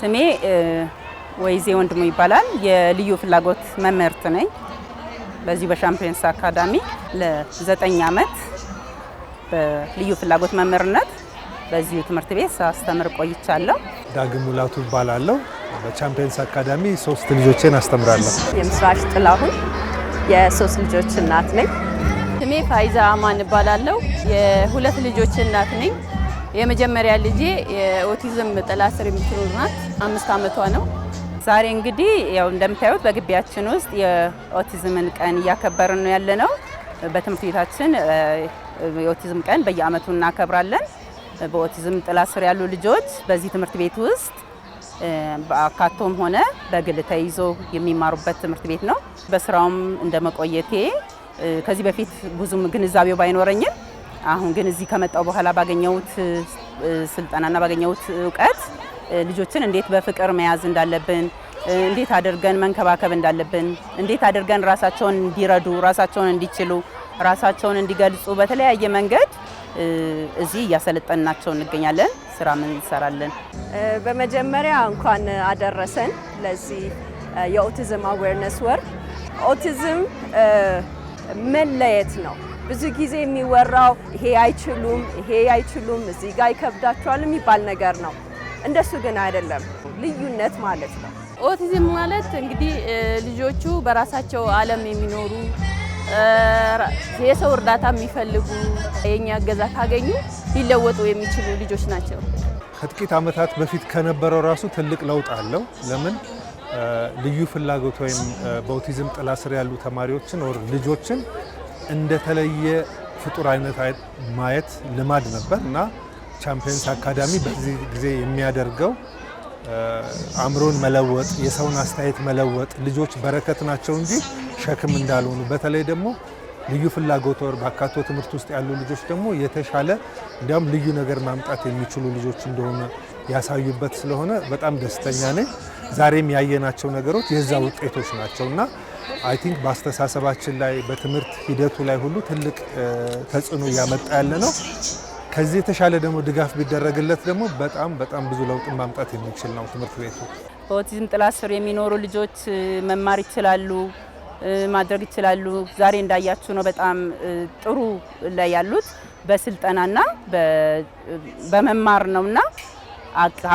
ስሜ ወይዜ ወንድሙ ይባላል። የልዩ ፍላጎት መምህርት ነኝ። በዚሁ በሻምፒዮንስ አካዳሚ ለዘጠኝ ዓመት በልዩ ፍላጎት መምህርነት በዚሁ ትምህርት ቤት ሳስተምር ቆይቻለሁ። ዳግም ሙላቱ ይባላለሁ። በቻምፒየንስ አካዳሚ ሶስት ልጆችን አስተምራለሁ። የምስራች ጥላሁን የሶስት ልጆች እናት ነኝ። ስሜ ፋይዛ አማን እባላለሁ። የሁለት ልጆች እናት ነኝ። የመጀመሪያ ልጄ የኦቲዝም ጥላ ስር የምትኖር ናት። አምስት ዓመቷ ነው። ዛሬ እንግዲህ ያው እንደምታዩት በግቢያችን ውስጥ የኦቲዝምን ቀን እያከበርን ነው ያለ ነው። በትምህርት ቤታችን የኦቲዝም ቀን በየዓመቱ እናከብራለን። በኦቲዝም ጥላ ስር ያሉ ልጆች በዚህ ትምህርት ቤት ውስጥ በአካቶም ሆነ በግል ተይዞ የሚማሩበት ትምህርት ቤት ነው። በስራውም እንደ መቆየቴ ከዚህ በፊት ብዙም ግንዛቤው ባይኖረኝም አሁን ግን እዚህ ከመጣው በኋላ ባገኘሁት ስልጠናና ባገኘሁት እውቀት ልጆችን እንዴት በፍቅር መያዝ እንዳለብን፣ እንዴት አድርገን መንከባከብ እንዳለብን፣ እንዴት አድርገን ራሳቸውን እንዲረዱ፣ ራሳቸውን እንዲችሉ፣ ራሳቸውን እንዲገልጹ በተለያየ መንገድ እዚህ እያሰለጠንናቸው እንገኛለን። ስራም እንሰራለን። በመጀመሪያ እንኳን አደረሰን ለዚህ የኦቲዝም አዌርነስ ወር። ኦቲዝም መለየት ነው ብዙ ጊዜ የሚወራው ይሄ አይችሉም፣ ይሄ አይችሉም፣ እዚህ ጋር ይከብዳቸዋል የሚባል ነገር ነው። እንደሱ ግን አይደለም። ልዩነት ማለት ነው። ኦቲዝም ማለት እንግዲህ ልጆቹ በራሳቸው ዓለም የሚኖሩ የሰው እርዳታ የሚፈልጉ የኛ እገዛ ካገኙ ሊለወጡ የሚችሉ ልጆች ናቸው። ከጥቂት ዓመታት በፊት ከነበረው ራሱ ትልቅ ለውጥ አለው። ለምን ልዩ ፍላጎት ወይም በኦቲዝም ጥላ ስር ያሉ ተማሪዎችን ልጆችን እንደተለየ ፍጡር አይነት ማየት ልማድ ነበር እና ቻምፒየንስ አካዳሚ በዚህ ጊዜ የሚያደርገው አእምሮን መለወጥ፣ የሰውን አስተያየት መለወጥ፣ ልጆች በረከት ናቸው እንጂ ሸክም እንዳልሆኑ በተለይ ደግሞ ልዩ ፍላጎት ወር በአካቶ ትምህርት ውስጥ ያሉ ልጆች ደግሞ የተሻለ እንዲያውም ልዩ ነገር ማምጣት የሚችሉ ልጆች እንደሆነ ያሳዩበት ስለሆነ በጣም ደስተኛ ነኝ። ዛሬም ያየናቸው ነገሮች የዛ ውጤቶች ናቸው እና አይ ቲንክ በአስተሳሰባችን ላይ በትምህርት ሂደቱ ላይ ሁሉ ትልቅ ተጽዕኖ እያመጣ ያለ ነው። ከዚህ የተሻለ ደግሞ ድጋፍ ቢደረግለት ደግሞ በጣም በጣም ብዙ ለውጥ ማምጣት የሚችል ነው ትምህርት ቤቱ። በኦቲዝም ጥላ ስር የሚኖሩ ልጆች መማር ይችላሉ፣ ማድረግ ይችላሉ። ዛሬ እንዳያችሁ ነው በጣም ጥሩ ላይ ያሉት በስልጠናና በመማር ነውና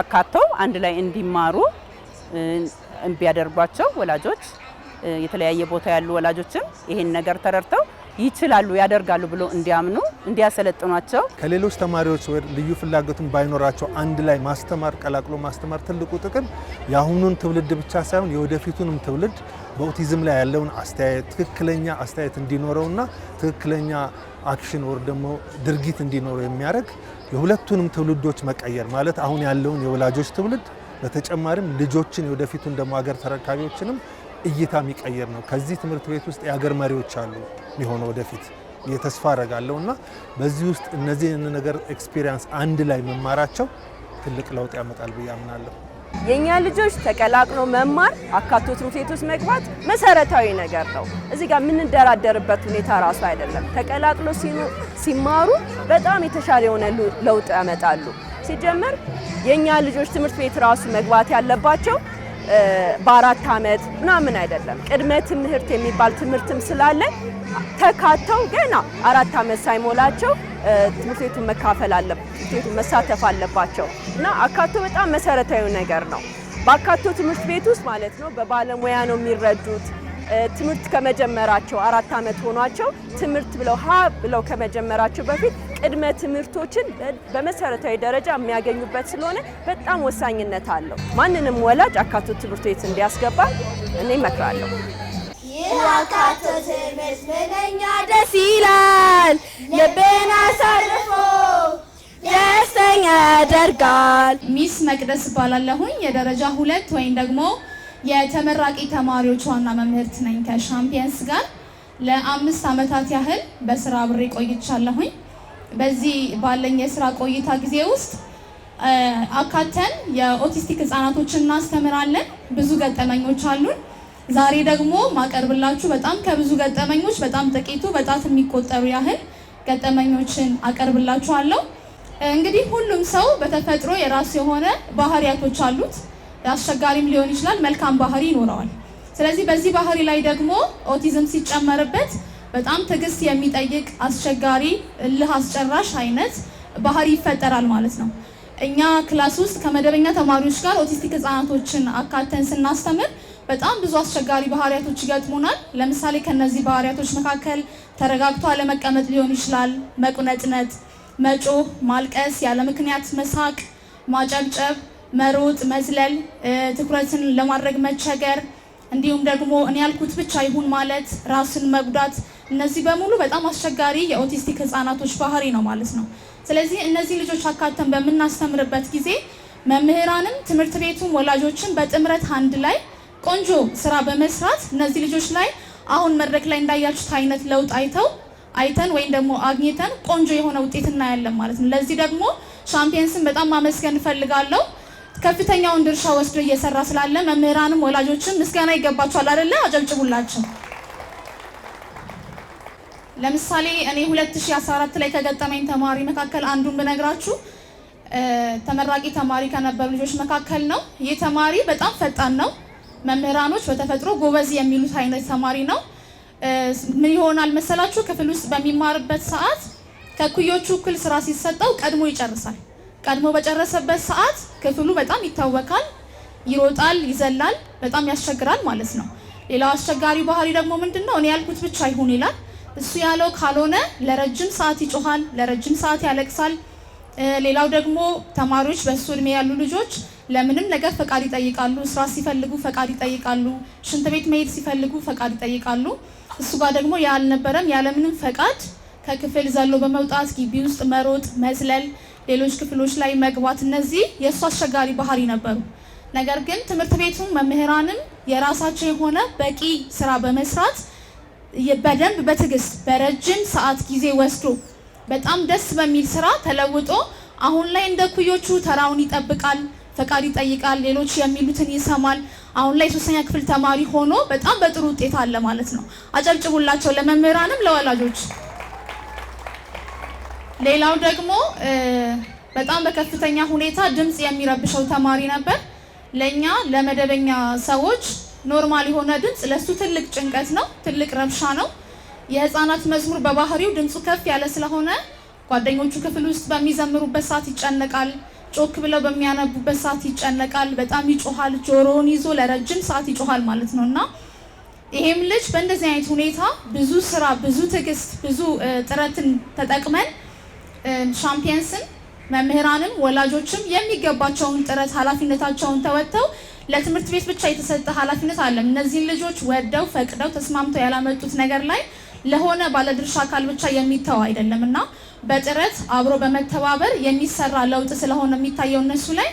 አካተው አንድ ላይ እንዲማሩ ቢያደርጓቸው ወላጆች የተለያየ ቦታ ያሉ ወላጆችም ይሄን ነገር ተረድተው ይችላሉ ያደርጋሉ ብሎ እንዲያምኑ እንዲያሰለጥኗቸው ከሌሎች ተማሪዎች ልዩ ፍላጎትን ባይኖራቸው አንድ ላይ ማስተማር ቀላቅሎ ማስተማር ትልቁ ጥቅም የአሁኑን ትውልድ ብቻ ሳይሆን የወደፊቱንም ትውልድ በኦቲዝም ላይ ያለውን አስተያየት ትክክለኛ አስተያየት እንዲኖረውና ትክክለኛ አክሽን ወር ደግሞ ድርጊት እንዲኖረው የሚያደርግ የሁለቱንም ትውልዶች መቀየር ማለት አሁን ያለውን የወላጆች ትውልድ በተጨማሪም ልጆችን የወደፊቱን ደግሞ ሀገር ተረካቢዎችንም እይታ የሚቀይር ነው። ከዚህ ትምህርት ቤት ውስጥ የሀገር መሪዎች አሉ የሚሆነ ወደፊት የተስፋ አረጋለሁ እና በዚህ ውስጥ እነዚህን ነገር ኤክስፒሪየንስ አንድ ላይ መማራቸው ትልቅ ለውጥ ያመጣል ብዬ አምናለሁ። የእኛ ልጆች ተቀላቅሎ መማር፣ አካቶ ትምህርት ቤት ውስጥ መግባት መሰረታዊ ነገር ነው። እዚህ ጋር የምንደራደርበት ሁኔታ ራሱ አይደለም። ተቀላቅሎ ሲማሩ በጣም የተሻለ የሆነ ለውጥ ያመጣሉ። ሲጀመር የእኛ ልጆች ትምህርት ቤት ራሱ መግባት ያለባቸው በአራት ዓመት ምናምን አይደለም። ቅድመ ትምህርት የሚባል ትምህርትም ስላለ ተካተው ገና አራት ዓመት ሳይሞላቸው ትምህርት ቤቱን መካፈል አለ ትምህርት ቤቱን መሳተፍ አለባቸው እና አካቶ በጣም መሰረታዊ ነገር ነው። በአካቶ ትምህርት ቤት ውስጥ ማለት ነው በባለሙያ ነው የሚረዱት ትምህርት ከመጀመራቸው አራት ዓመት ሆኗቸው ትምህርት ብለው ሀ ብለው ከመጀመራቸው በፊት ቅድመ ትምህርቶችን በመሰረታዊ ደረጃ የሚያገኙበት ስለሆነ በጣም ወሳኝነት አለው። ማንንም ወላጅ አካቶ ትምህርት ቤት እንዲያስገባ እኔ እመክራለሁ። ይህ አካቶ ትምህርት ምንኛ ደስ ይላል፣ ልብን አሳርፎ ደስተኛ ያደርጋል። ሚስ መቅደስ እባላለሁኝ የደረጃ ሁለት ወይም ደግሞ የተመራቂ ተማሪዎች ዋና መምህርት ነኝ ከሻምፒየንስ ጋር ለአምስት ዓመታት ያህል በስራ አብሬ ቆይቻለሁኝ። በዚህ ባለኝ የስራ ቆይታ ጊዜ ውስጥ አካተን የኦቲስቲክ ህጻናቶችን እናስተምራለን። ብዙ ገጠመኞች አሉን። ዛሬ ደግሞ ማቀርብላችሁ በጣም ከብዙ ገጠመኞች በጣም ጥቂቱ በጣት የሚቆጠሩ ያህል ገጠመኞችን አቀርብላችኋለሁ። እንግዲህ ሁሉም ሰው በተፈጥሮ የራሱ የሆነ ባህሪያቶች አሉት። አስቸጋሪም ሊሆን ይችላል፣ መልካም ባህሪ ይኖረዋል። ስለዚህ በዚህ ባህሪ ላይ ደግሞ ኦቲዝም ሲጨመርበት በጣም ትዕግስት የሚጠይቅ አስቸጋሪ፣ እልህ አስጨራሽ አይነት ባህሪ ይፈጠራል ማለት ነው። እኛ ክላስ ውስጥ ከመደበኛ ተማሪዎች ጋር ኦቲስቲክ ህጻናቶችን አካተን ስናስተምር በጣም ብዙ አስቸጋሪ ባህሪያቶች ይገጥሙናል። ለምሳሌ ከነዚህ ባህሪያቶች መካከል ተረጋግቶ አለመቀመጥ ሊሆን ይችላል፣ መቁነጥነጥ፣ መጮህ፣ ማልቀስ፣ ያለ ምክንያት መሳቅ፣ ማጨብጨብ መሮጥ፣ መዝለል፣ ትኩረትን ለማድረግ መቸገር፣ እንዲሁም ደግሞ እኔ ያልኩት ብቻ ይሁን ማለት፣ ራስን መጉዳት፣ እነዚህ በሙሉ በጣም አስቸጋሪ የኦቲስቲክ ህጻናቶች ባህሪ ነው ማለት ነው። ስለዚህ እነዚህ ልጆች አካተን በምናስተምርበት ጊዜ መምህራንም ትምህርት ቤቱም ወላጆችን በጥምረት አንድ ላይ ቆንጆ ስራ በመስራት እነዚህ ልጆች ላይ አሁን መድረክ ላይ እንዳያችሁት አይነት ለውጥ አይተው አይተን ወይም ደግሞ አግኝተን ቆንጆ የሆነ ውጤት እናያለን ማለት ነው። ለዚህ ደግሞ ሻምፒየንስን በጣም ማመስገን እፈልጋለሁ። ከፍተኛውን ድርሻ ወስዶ እየሰራ ስላለ መምህራንም ወላጆችም ምስጋና ይገባቸዋል። አይደለ? አጨብጭቡላቸው። ለምሳሌ እኔ 2014 ላይ ከገጠመኝ ተማሪ መካከል አንዱን ብነግራችሁ ተመራቂ ተማሪ ከነበሩ ልጆች መካከል ነው። ይህ ተማሪ በጣም ፈጣን ነው። መምህራኖች በተፈጥሮ ጎበዝ የሚሉት አይነት ተማሪ ነው። ምን ይሆናል መሰላችሁ? ክፍል ውስጥ በሚማርበት ሰዓት ከኩዮቹ እኩል ስራ ሲሰጠው ቀድሞ ይጨርሳል። ቀድሞ በጨረሰበት ሰዓት ክፍሉ በጣም ይታወቃል ይሮጣል፣ ይዘላል፣ በጣም ያስቸግራል ማለት ነው። ሌላው አስቸጋሪ ባህሪ ደግሞ ምንድን ነው? እኔ ያልኩት ብቻ ይሁን ይላል። እሱ ያለው ካልሆነ ለረጅም ሰዓት ይጮሃል፣ ለረጅም ሰዓት ያለቅሳል። ሌላው ደግሞ ተማሪዎች በእሱ እድሜ ያሉ ልጆች ለምንም ነገር ፈቃድ ይጠይቃሉ። ስራ ሲፈልጉ ፈቃድ ይጠይቃሉ። ሽንት ቤት መሄድ ሲፈልጉ ፈቃድ ይጠይቃሉ። እሱ ጋር ደግሞ ያልነበረም ያለምንም ፈቃድ ከክፍል ዘሎ በመውጣት ግቢ ውስጥ መሮጥ፣ መዝለል ሌሎች ክፍሎች ላይ መግባት፣ እነዚህ የእሱ አስቸጋሪ ባህሪ ነበሩ። ነገር ግን ትምህርት ቤቱ መምህራንም የራሳቸው የሆነ በቂ ስራ በመስራት በደንብ በትዕግስት በረጅም ሰዓት ጊዜ ወስዶ በጣም ደስ በሚል ስራ ተለውጦ አሁን ላይ እንደ ኩዮቹ ተራውን ይጠብቃል፣ ፈቃድ ይጠይቃል፣ ሌሎች የሚሉትን ይሰማል። አሁን ላይ ሶስተኛ ክፍል ተማሪ ሆኖ በጣም በጥሩ ውጤት አለ ማለት ነው። አጨብጭቡላቸው፣ ለመምህራንም ለወላጆች ሌላው ደግሞ በጣም በከፍተኛ ሁኔታ ድምፅ የሚረብሸው ተማሪ ነበር። ለእኛ ለመደበኛ ሰዎች ኖርማል የሆነ ድምፅ ለእሱ ትልቅ ጭንቀት ነው፣ ትልቅ ረብሻ ነው። የህፃናት መዝሙር በባህሪው ድምፁ ከፍ ያለ ስለሆነ ጓደኞቹ ክፍል ውስጥ በሚዘምሩበት ሰዓት ይጨነቃል። ጮክ ብለው በሚያነቡበት ሰዓት ይጨነቃል። በጣም ይጮሃል። ጆሮውን ይዞ ለረጅም ሰዓት ይጮሃል ማለት ነው እና ይሄም ልጅ በእንደዚህ አይነት ሁኔታ ብዙ ስራ፣ ብዙ ትዕግስት፣ ብዙ ጥረትን ተጠቅመን ሻምፒየንስን መምህራንም ወላጆችም የሚገባቸውን ጥረት ኃላፊነታቸውን ተወጥተው ለትምህርት ቤት ብቻ የተሰጠ ኃላፊነት አለም። እነዚህን ልጆች ወደው ፈቅደው ተስማምተው ያላመጡት ነገር ላይ ለሆነ ባለድርሻ አካል ብቻ የሚተው አይደለም እና በጥረት አብሮ በመተባበር የሚሰራ ለውጥ ስለሆነ የሚታየው እነሱ ላይ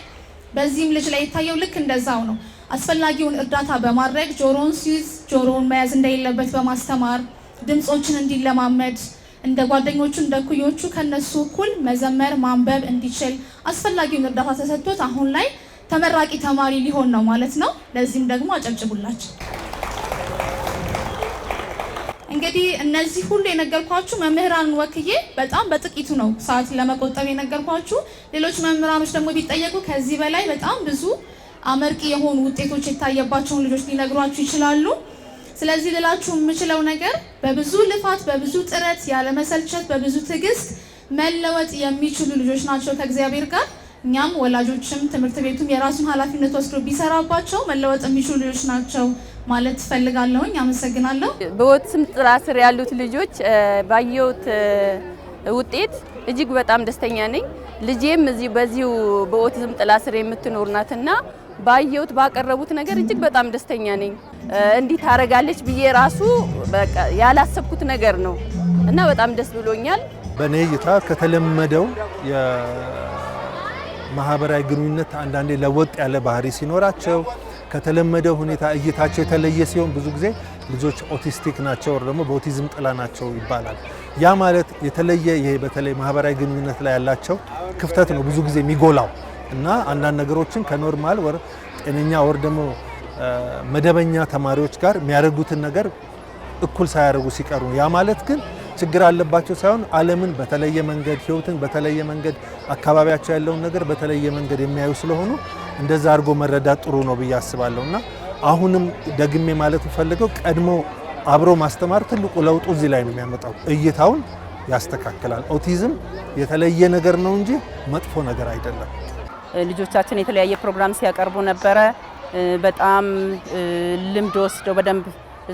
በዚህም ልጅ ላይ የታየው ልክ እንደዛው ነው። አስፈላጊውን እርዳታ በማድረግ ጆሮውን ሲይዝ ጆሮውን መያዝ እንደሌለበት በማስተማር ድምፆችን እንዲለማመድ እንደ ጓደኞቹ እንደ ኩዮቹ ከነሱ እኩል መዘመር ማንበብ እንዲችል አስፈላጊውን እርዳታ ተሰጥቶት አሁን ላይ ተመራቂ ተማሪ ሊሆን ነው ማለት ነው። ለዚህም ደግሞ አጨብጭቡላችሁ። እንግዲህ እነዚህ ሁሉ የነገርኳችሁ መምህራንን ወክዬ በጣም በጥቂቱ ነው ሰዓት ለመቆጠብ የነገርኳችሁ። ሌሎች መምህራኖች ደግሞ ቢጠየቁ ከዚህ በላይ በጣም ብዙ አመርቂ የሆኑ ውጤቶች የታየባቸውን ልጆች ሊነግሯችሁ ይችላሉ። ስለዚህ ልላችሁ የምችለው ነገር በብዙ ልፋት፣ በብዙ ጥረት፣ ያለመሰልቸት፣ በብዙ ትዕግስት መለወጥ የሚችሉ ልጆች ናቸው ከእግዚአብሔር ጋር። እኛም ወላጆችም ትምህርት ቤቱም የራሱን ኃላፊነት ወስዶ ቢሰራባቸው መለወጥ የሚችሉ ልጆች ናቸው ማለት እፈልጋለሁኝ። አመሰግናለሁ። በወት ስም ጥላ ስር ያሉት ልጆች ባየሁት ውጤት እጅግ በጣም ደስተኛ ነኝ። ልጄም እዚህ በዚሁ በኦቲዝም ጥላ ስር የምትኖር ናትና ባየሁት ባቀረቡት ነገር እጅግ በጣም ደስተኛ ነኝ። እንዲህ ታደርጋለች ብዬ ራሱ ያላሰብኩት ነገር ነው እና በጣም ደስ ብሎኛል። በእኔ እይታ ከተለመደው የማህበራዊ ግንኙነት አንዳንዴ ለወጥ ያለ ባህሪ ሲኖራቸው ከተለመደው ሁኔታ እይታቸው የተለየ ሲሆን ብዙ ጊዜ ልጆች ኦቲስቲክ ናቸው ወይ ደግሞ በኦቲዝም ጥላ ናቸው ይባላል። ያ ማለት የተለየ ይሄ በተለይ ማህበራዊ ግንኙነት ላይ ያላቸው ክፍተት ነው ብዙ ጊዜ የሚጎላው እና አንዳንድ ነገሮችን ከኖርማል ወር ጤነኛ ወር ደግሞ መደበኛ ተማሪዎች ጋር የሚያደርጉትን ነገር እኩል ሳያደርጉ ሲቀሩ ያ ማለት ግን ችግር አለባቸው ሳይሆን ዓለምን በተለየ መንገድ ህይወትን በተለየ መንገድ አካባቢያቸው ያለውን ነገር በተለየ መንገድ የሚያዩ ስለሆኑ እንደዛ አድርጎ መረዳት ጥሩ ነው ብዬ አስባለሁ እና አሁንም ደግሜ ማለት ፈልገው ቀድሞ አብሮ ማስተማር ትልቁ ለውጡ እዚህ ላይ ነው የሚያመጣው። እይታውን ያስተካክላል። ኦቲዝም የተለየ ነገር ነው እንጂ መጥፎ ነገር አይደለም። ልጆቻችን የተለያየ ፕሮግራም ሲያቀርቡ ነበረ። በጣም ልምድ ወስደው በደንብ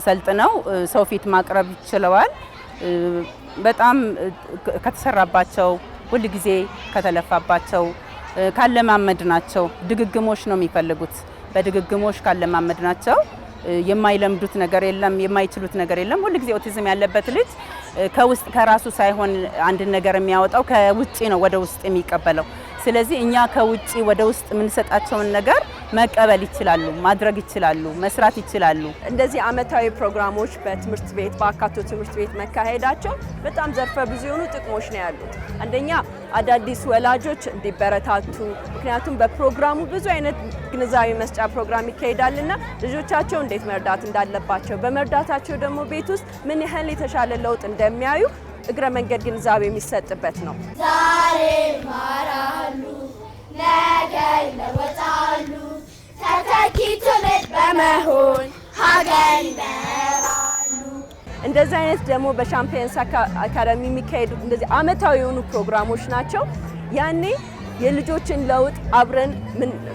ሰልጥነው ሰው ፊት ማቅረብ ችለዋል። በጣም ከተሰራባቸው ሁል ጊዜ ከተለፋባቸው ካለማመድ ናቸው። ድግግሞሽ ነው የሚፈልጉት። በድግግሞሽ ካለማመድ ናቸው። የማይለምዱት ነገር የለም፣ የማይችሉት ነገር የለም። ሁል ጊዜ ኦቲዝም ያለበት ልጅ ከውስጥ ከራሱ ሳይሆን አንድን ነገር የሚያወጣው ከውጭ ነው ወደ ውስጥ የሚቀበለው። ስለዚህ እኛ ከውጭ ወደ ውስጥ የምንሰጣቸውን ነገር መቀበል ይችላሉ፣ ማድረግ ይችላሉ፣ መስራት ይችላሉ። እንደዚህ አመታዊ ፕሮግራሞች በትምህርት ቤት በአካቶ ትምህርት ቤት መካሄዳቸው በጣም ዘርፈ ብዙ የሆኑ ጥቅሞች ነው ያሉት። አንደኛ አዳዲስ ወላጆች እንዲበረታቱ፣ ምክንያቱም በፕሮግራሙ ብዙ አይነት ግንዛቤ መስጫ ፕሮግራም ይካሄዳልና ልጆቻቸው እንዴት መርዳት እንዳለባቸው በመርዳታቸው ደግሞ ቤት ውስጥ ምን ያህል የተሻለ ለውጥ እንደሚያዩ እግረ መንገድ ግንዛቤ የሚሰጥበት ነው። ዛሬ ይማራሉ፣ ነገ ይለወጣሉ። ተተኪ ትውልድ በመሆን ሀገር ይመራሉ። እንደዚህ አይነት ደግሞ በሻምፒየንስ አካዳሚ የሚካሄዱ እንደዚህ አመታዊ የሆኑ ፕሮግራሞች ናቸው ያኔ የልጆችን ለውጥ አብረን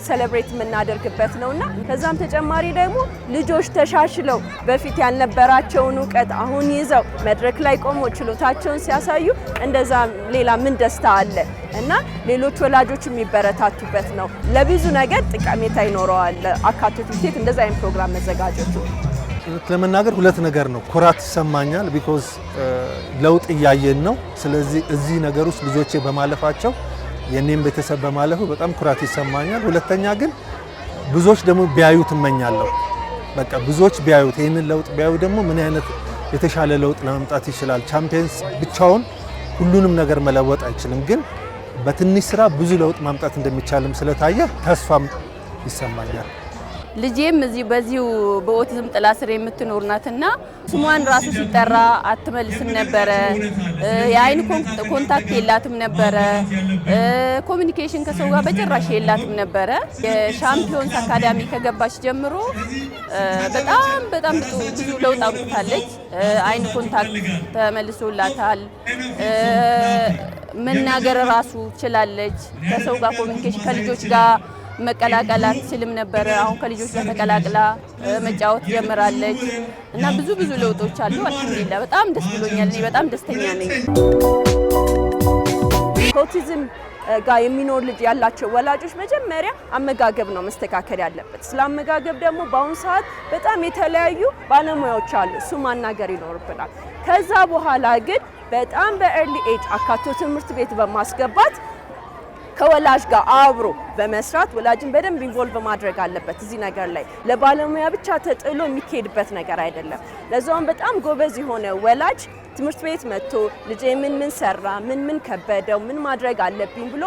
ሰለብሬት የምናደርግበት ነው እና ከዛም ተጨማሪ ደግሞ ልጆች ተሻሽለው በፊት ያልነበራቸውን እውቀት አሁን ይዘው መድረክ ላይ ቆሞ ችሎታቸውን ሲያሳዩ እንደዛ ሌላ ምን ደስታ አለ እና ሌሎች ወላጆች የሚበረታቱበት ነው። ለብዙ ነገር ጠቀሜታ ይኖረዋል። አካቶ ትምህርት እንደዛ አይነት ፕሮግራም መዘጋጀቱ ለመናገር ሁለት ነገር ነው። ኩራት ይሰማኛል፣ ቢኮዝ ለውጥ እያየን ነው። ስለዚህ እዚህ ነገር ውስጥ ልጆቼ በማለፋቸው የኔም ቤተሰብ በማለፉ በጣም ኩራት ይሰማኛል። ሁለተኛ ግን ብዙዎች ደግሞ ቢያዩት እመኛለሁ። በቃ ብዙዎች ቢያዩት ይህንን ለውጥ ቢያዩ ደግሞ ምን አይነት የተሻለ ለውጥ ለመምጣት ይችላል። ቻምፒየንስ ብቻውን ሁሉንም ነገር መለወጥ አይችልም፣ ግን በትንሽ ስራ ብዙ ለውጥ ማምጣት እንደሚቻልም ስለታየ ተስፋም ይሰማኛል። ልጄም እዚህ በዚሁ በኦቲዝም ጥላ ስር የምትኖር ናትና ስሟን ራሱ ሲጠራ አትመልስም ነበረ። የአይን ኮንታክት የላትም ነበረ። ኮሚኒኬሽን ከሰው ጋር በጭራሽ የላትም ነበረ። የሻምፒዮንስ አካዳሚ ከገባች ጀምሮ በጣም በጣም ብዙ ለውጥ አምጥታለች። አይን ኮንታክት ተመልሶላታል። መናገር ራሱ ችላለች። ከሰው ጋር ኮሚኒኬሽን ከልጆች ጋር መቀላቀል አትችልም ነበረ። አሁን ከልጆች ጋር ተቀላቅላ መጫወት ጀምራለች እና ብዙ ብዙ ለውጦች አሉ። አልሐምዱሊላህ በጣም ደስ ብሎኛል። እኔ በጣም ደስተኛ ነኝ። ከኦቲዝም ጋር የሚኖር ልጅ ያላቸው ወላጆች መጀመሪያ አመጋገብ ነው መስተካከል ያለበት። ስለ አመጋገብ ደግሞ በአሁኑ ሰዓት በጣም የተለያዩ ባለሙያዎች አሉ፣ እሱ ማናገር ይኖርብናል። ከዛ በኋላ ግን በጣም በኤርሊ ኤጅ አካቶ ትምህርት ቤት በማስገባት ከወላጅ ጋር አብሮ በመስራት ወላጅን በደንብ ኢንቮልቭ ማድረግ አለበት። እዚህ ነገር ላይ ለባለሙያ ብቻ ተጥሎ የሚካሄድበት ነገር አይደለም። ለዛውም በጣም ጎበዝ የሆነ ወላጅ ትምህርት ቤት መጥቶ ልጄ ምን ምን ሰራ፣ ምን ምን ከበደው፣ ምን ማድረግ አለብኝ ብሎ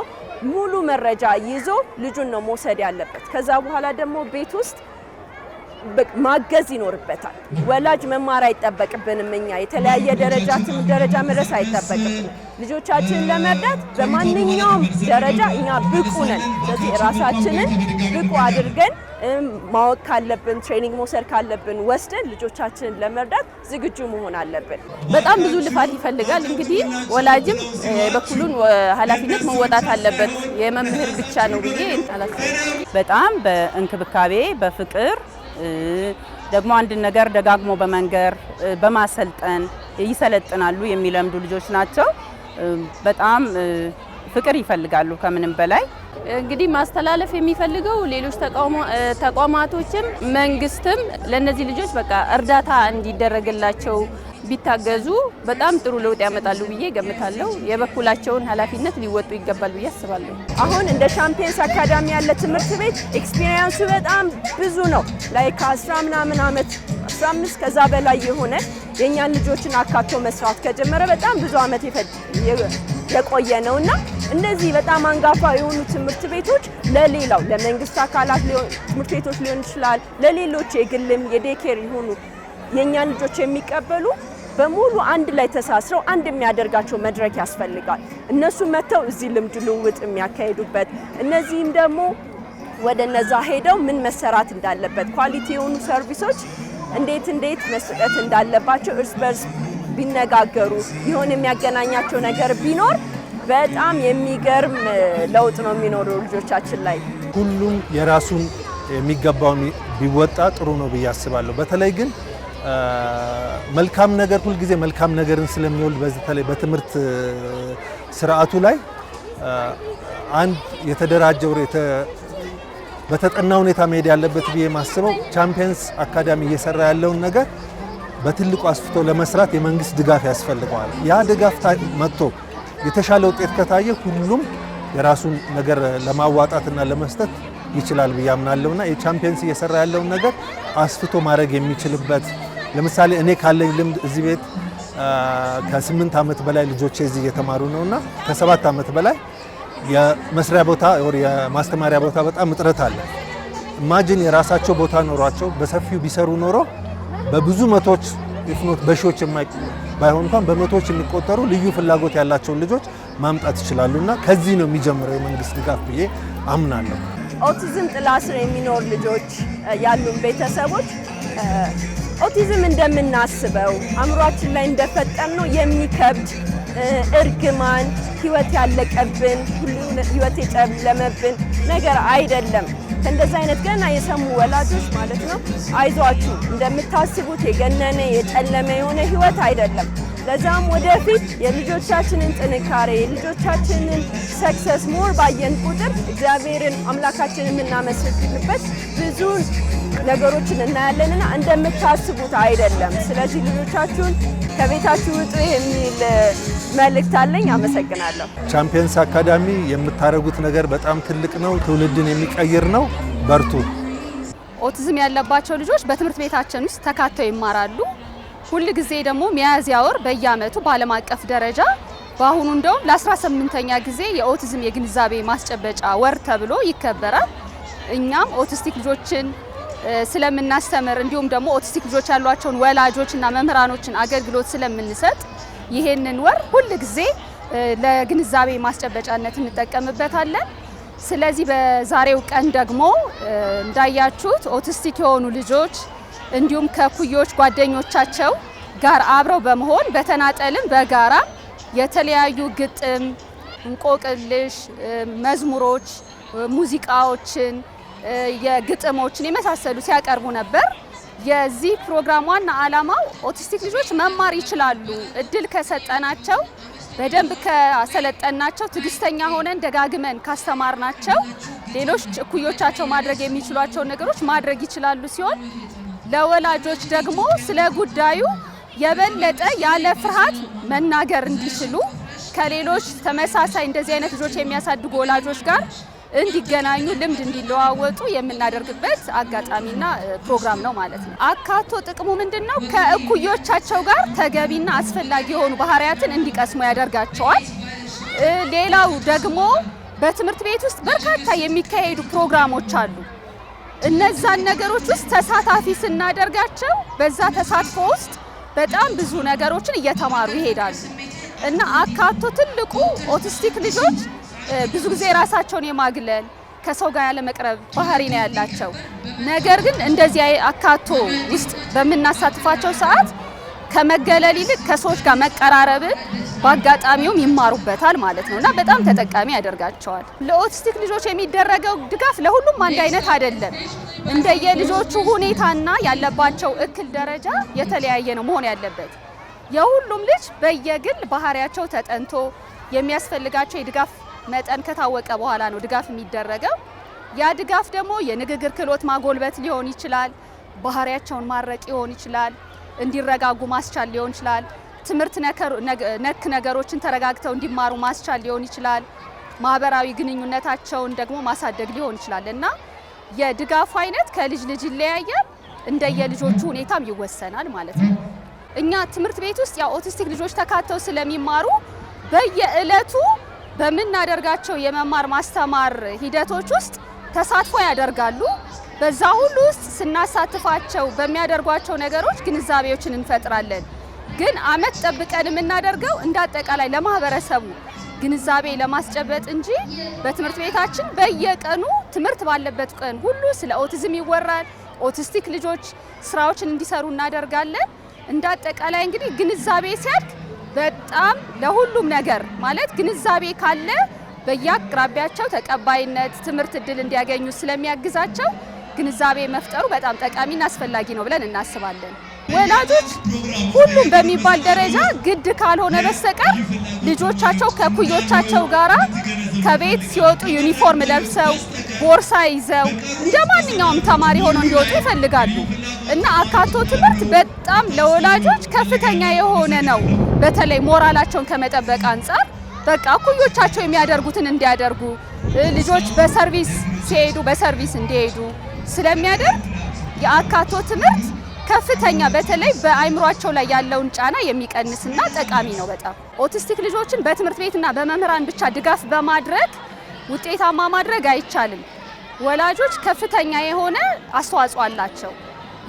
ሙሉ መረጃ ይዞ ልጁን ነው መውሰድ ያለበት። ከዛ በኋላ ደግሞ ቤት ውስጥ ማገዝ ይኖርበታል። ወላጅ መማር አይጠበቅብንም። እኛ የተለያየ ደረጃ ትምህርት ደረጃ መድረስ አይጠበቅብንም። ልጆቻችንን ለመርዳት በማንኛውም ደረጃ እኛ ብቁ ነን። ስለዚህ ራሳችንን ብቁ አድርገን ማወቅ ካለብን ትሬኒንግ መውሰድ ካለብን ወስደን ልጆቻችንን ለመርዳት ዝግጁ መሆን አለብን። በጣም ብዙ ልፋት ይፈልጋል። እንግዲህ ወላጅም በኩሉን ኃላፊነት መወጣት አለበት። የመምህር ብቻ ነው ብዬ በጣም በእንክብካቤ በፍቅር ደግሞ አንድ ነገር ደጋግሞ በመንገር በማሰልጠን ይሰለጥናሉ የሚለምዱ ልጆች ናቸው። በጣም ፍቅር ይፈልጋሉ ከምንም በላይ እንግዲህ ማስተላለፍ የሚፈልገው ሌሎች ተቋማቶችም መንግስትም ለእነዚህ ልጆች በቃ እርዳታ እንዲደረግላቸው ቢታገዙ በጣም ጥሩ ለውጥ ያመጣሉ ብዬ ገምታለሁ። የበኩላቸውን ኃላፊነት ሊወጡ ይገባል ብዬ አስባለሁ። አሁን እንደ ሻምፒየንስ አካዳሚ ያለ ትምህርት ቤት ኤክስፒሪየንሱ በጣም ብዙ ነው። ላይ ከአስራ ምናምን ዓመት አስራ አምስት ከዛ በላይ የሆነ የእኛን ልጆችን አካቶ መስራት ከጀመረ በጣም ብዙ ዓመት የቆየ ነው እና እነዚህ በጣም አንጋፋ የሆኑ ትምህርት ቤቶች ለሌላው ለመንግስት አካላት ትምህርት ቤቶች ሊሆን ይችላል፣ ለሌሎች የግልም የዴኬር የሆኑ የእኛን ልጆች የሚቀበሉ በሙሉ አንድ ላይ ተሳስረው አንድ የሚያደርጋቸው መድረክ ያስፈልጋል። እነሱ መጥተው እዚህ ልምድ ልውውጥ የሚያካሂዱበት እነዚህም ደግሞ ወደ እነዛ ሄደው ምን መሰራት እንዳለበት ኳሊቲ የሆኑ ሰርቪሶች እንዴት እንዴት መስጠት እንዳለባቸው እርስ በርስ ቢነጋገሩ የሆነ የሚያገናኛቸው ነገር ቢኖር በጣም የሚገርም ለውጥ ነው የሚኖረው ልጆቻችን ላይ። ሁሉም የራሱን የሚገባውን ቢወጣ ጥሩ ነው ብዬ አስባለሁ። በተለይ ግን መልካም ነገር ሁልጊዜ መልካም ነገርን ስለሚወልድ በተለይ በትምህርት ስርዓቱ ላይ አንድ የተደራጀ በተጠና ሁኔታ መሄድ ያለበት ብዬ የማስበው ቻምፒየንስ አካዳሚ እየሰራ ያለውን ነገር በትልቁ አስፍቶ ለመስራት የመንግስት ድጋፍ ያስፈልገዋል። ያ ድጋፍ መጥቶ የተሻለ ውጤት ከታየ ሁሉም የራሱን ነገር ለማዋጣትና ለመስጠት ይችላል ብዬ አምናለሁና የቻምፒየንስ እየሰራ ያለውን ነገር አስፍቶ ማድረግ የሚችልበት ለምሳሌ እኔ ካለኝ ልምድ እዚህ ቤት ከስምንት ዓመት በላይ ልጆቼ እዚህ እየተማሩ ነውና ከሰባት ዓመት በላይ የመስሪያ ቦታ የማስተማሪያ ቦታ በጣም እጥረት አለ። ኢማጂን የራሳቸው ቦታ ኖሯቸው በሰፊው ቢሰሩ ኖሮ በብዙ መቶች ኢፍኖት በሺዎች ባይሆን እንኳን በመቶዎች የሚቆጠሩ ልዩ ፍላጎት ያላቸውን ልጆች ማምጣት ይችላሉ እና ከዚህ ነው የሚጀምረው የመንግስት ድጋፍ ብዬ አምናለሁ። ኦቲዝም ጥላ ስር የሚኖር ልጆች ያሉን ቤተሰቦች ኦቲዝም እንደምናስበው አእምሯችን ላይ እንደፈጠን ነው የሚከብድ እርግማን፣ ህይወት ያለቀብን፣ ሁሉ ህይወት የጨለመብን ነገር አይደለም። ከእንደዚህ አይነት ገና የሰሙ ወላጆች ማለት ነው አይዟችሁ፣ እንደምታስቡት የገነነ የጨለመ የሆነ ህይወት አይደለም። ለዛም ወደፊት የልጆቻችንን ጥንካሬ የልጆቻችንን ሰክሰስ ሞር ባየን ቁጥር እግዚአብሔርን አምላካችንን የምናመሰግንበት ብዙ ነገሮችን እናያለንና እንደምታስቡት አይደለም። ስለዚህ ልጆቻችሁን ከቤታችሁ ውጡ የሚል መልእክት አለኝ። አመሰግናለሁ። ቻምፒየንስ አካዳሚ የምታደርጉት ነገር በጣም ትልቅ ነው፣ ትውልድን የሚቀይር ነው። በርቱ። ኦቲዝም ያለባቸው ልጆች በትምህርት ቤታችን ውስጥ ተካተው ይማራሉ። ሁል ጊዜ ደግሞ ሚያዝያ ወር በየአመቱ በዓለም አቀፍ ደረጃ በአሁኑ እንደውም ለ18ኛ ጊዜ የኦቲዝም የግንዛቤ ማስጨበጫ ወር ተብሎ ይከበራል። እኛም ኦቲስቲክ ልጆችን ስለምናስተምር እንዲሁም ደግሞ ኦቲስቲክ ልጆች ያሏቸውን ወላጆችና መምህራኖችን አገልግሎት ስለምንሰጥ ይሄንን ወር ሁል ጊዜ ለግንዛቤ ማስጨበጫነት እንጠቀምበታለን። ስለዚህ በዛሬው ቀን ደግሞ እንዳያችሁት ኦቲስቲክ የሆኑ ልጆች እንዲሁም ከኩዮች ጓደኞቻቸው ጋር አብረው በመሆን በተናጠልም በጋራ የተለያዩ ግጥም፣ እንቆቅልሽ፣ መዝሙሮች፣ ሙዚቃዎችን፣ የግጥሞችን የመሳሰሉ ሲያቀርቡ ነበር። የዚህ ፕሮግራም ዋና ዓላማው ኦቲስቲክ ልጆች መማር ይችላሉ እድል ከሰጠናቸው በደንብ ከሰለጠናቸው፣ ትዕግስተኛ ሆነን ደጋግመን ካስተማርናቸው ሌሎች እኩዮቻቸው ማድረግ የሚችሏቸውን ነገሮች ማድረግ ይችላሉ ሲሆን ለወላጆች ደግሞ ስለ ጉዳዩ የበለጠ ያለ ፍርሃት መናገር እንዲችሉ ከሌሎች ተመሳሳይ እንደዚህ አይነት ልጆች የሚያሳድጉ ወላጆች ጋር እንዲገናኙ ልምድ እንዲለዋወጡ የምናደርግበት አጋጣሚና ፕሮግራም ነው ማለት ነው። አካቶ ጥቅሙ ምንድን ነው? ከእኩዮቻቸው ጋር ተገቢና አስፈላጊ የሆኑ ባህሪያትን እንዲቀስሙ ያደርጋቸዋል። ሌላው ደግሞ በትምህርት ቤት ውስጥ በርካታ የሚካሄዱ ፕሮግራሞች አሉ። እነዛን ነገሮች ውስጥ ተሳታፊ ስናደርጋቸው በዛ ተሳትፎ ውስጥ በጣም ብዙ ነገሮችን እየተማሩ ይሄዳሉ እና አካቶ ትልቁ ኦቲስቲክ ልጆች ብዙ ጊዜ ራሳቸውን የማግለል ከሰው ጋር ያለመቅረብ ባህሪ ነው ያላቸው። ነገር ግን እንደዚህ አካቶ ውስጥ በምናሳትፋቸው ሰዓት ከመገለል ይልቅ ከሰዎች ጋር መቀራረብን በአጋጣሚውም ይማሩበታል ማለት ነው እና በጣም ተጠቃሚ ያደርጋቸዋል። ለኦቲስቲክ ልጆች የሚደረገው ድጋፍ ለሁሉም አንድ አይነት አይደለም። እንደየልጆቹ ሁኔታና ያለባቸው እክል ደረጃ የተለያየ ነው መሆን ያለበት። የሁሉም ልጅ በየግል ባህሪያቸው ተጠንቶ የሚያስፈልጋቸው የድጋፍ መጠን ከታወቀ በኋላ ነው ድጋፍ የሚደረገው። ያ ድጋፍ ደግሞ የንግግር ክህሎት ማጎልበት ሊሆን ይችላል፣ ባህሪያቸውን ማረቅ ሊሆን ይችላል፣ እንዲረጋጉ ማስቻል ሊሆን ይችላል፣ ትምህርት ነክ ነገሮችን ተረጋግተው እንዲማሩ ማስቻል ሊሆን ይችላል፣ ማህበራዊ ግንኙነታቸውን ደግሞ ማሳደግ ሊሆን ይችላል እና የድጋፉ አይነት ከልጅ ልጅ ይለያያል። እንደየልጆቹ ሁኔታም ይወሰናል ማለት ነው። እኛ ትምህርት ቤት ውስጥ ያው ኦቲስቲክ ልጆች ተካተው ስለሚማሩ በየዕለቱ በምናደርጋቸው የመማር ማስተማር ሂደቶች ውስጥ ተሳትፎ ያደርጋሉ። በዛ ሁሉ ውስጥ ስናሳትፋቸው በሚያደርጓቸው ነገሮች ግንዛቤዎችን እንፈጥራለን። ግን አመት ጠብቀን የምናደርገው እንደ አጠቃላይ ለማህበረሰቡ ግንዛቤ ለማስጨበጥ እንጂ በትምህርት ቤታችን በየቀኑ ትምህርት ባለበት ቀን ሁሉ ስለ ኦቲዝም ይወራል። ኦቲስቲክ ልጆች ስራዎችን እንዲሰሩ እናደርጋለን። እንደ እንግዲህ ግንዛቤ ሲያድግ በጣም ለሁሉም ነገር ማለት ግንዛቤ ካለ በየአቅራቢያቸው ተቀባይነት ትምህርት እድል እንዲያገኙ ስለሚያግዛቸው ግንዛቤ መፍጠሩ በጣም ጠቃሚና አስፈላጊ ነው ብለን እናስባለን። ወላጆች ሁሉም በሚባል ደረጃ ግድ ካልሆነ በስተቀር ልጆቻቸው ከኩዮቻቸው ጋራ ከቤት ሲወጡ ዩኒፎርም ለብሰው ቦርሳ ይዘው እንደ ማንኛውም ተማሪ ሆነው እንዲወጡ ይፈልጋሉ እና አካቶ ትምህርት በጣም ለወላጆች ከፍተኛ የሆነ ነው። በተለይ ሞራላቸውን ከመጠበቅ አንጻር በቃ እኩዮቻቸው የሚያደርጉትን እንዲያደርጉ ልጆች በሰርቪስ ሲሄዱ በሰርቪስ እንዲሄዱ ስለሚያደርግ የአካቶ ትምህርት ከፍተኛ በተለይ በአይምሯቸው ላይ ያለውን ጫና የሚቀንስና ጠቃሚ ነው። በጣም ኦቲስቲክ ልጆችን በትምህርት ቤትና በመምህራን ብቻ ድጋፍ በማድረግ ውጤታማ ማድረግ አይቻልም። ወላጆች ከፍተኛ የሆነ አስተዋጽኦ አላቸው።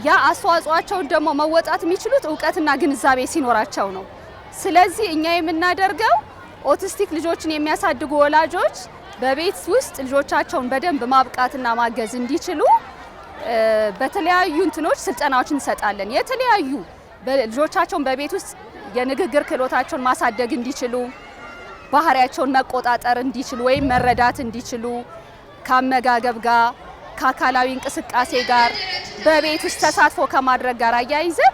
ያ አስተዋጽኦቸውን ደግሞ መወጣት የሚችሉት እውቀትና ግንዛቤ ሲኖራቸው ነው። ስለዚህ እኛ የምናደርገው ኦቲስቲክ ልጆችን የሚያሳድጉ ወላጆች በቤት ውስጥ ልጆቻቸውን በደንብ ማብቃትና ማገዝ እንዲችሉ በተለያዩ እንትኖች ስልጠናዎች እንሰጣለን። የተለያዩ ልጆቻቸውን በቤት ውስጥ የንግግር ክህሎታቸውን ማሳደግ እንዲችሉ ባህሪያቸውን መቆጣጠር እንዲችሉ ወይም መረዳት እንዲችሉ ከአመጋገብ ጋር ከአካላዊ እንቅስቃሴ ጋር በቤት ውስጥ ተሳትፎ ከማድረግ ጋር አያይዘን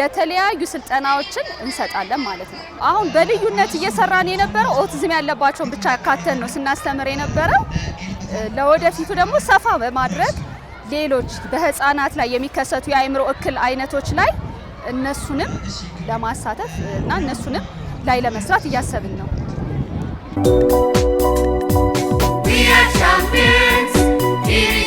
የተለያዩ ስልጠናዎችን እንሰጣለን ማለት ነው። አሁን በልዩነት እየሰራን የነበረው ኦቲዝም ያለባቸውን ብቻ ያካተን ነው ስናስተምር የነበረው። ለወደፊቱ ደግሞ ሰፋ በማድረግ ሌሎች በህፃናት ላይ የሚከሰቱ የአእምሮ እክል አይነቶች ላይ እነሱንም ለማሳተፍ እና እነሱንም ላይ ለመስራት እያሰብን ነው። We are champions.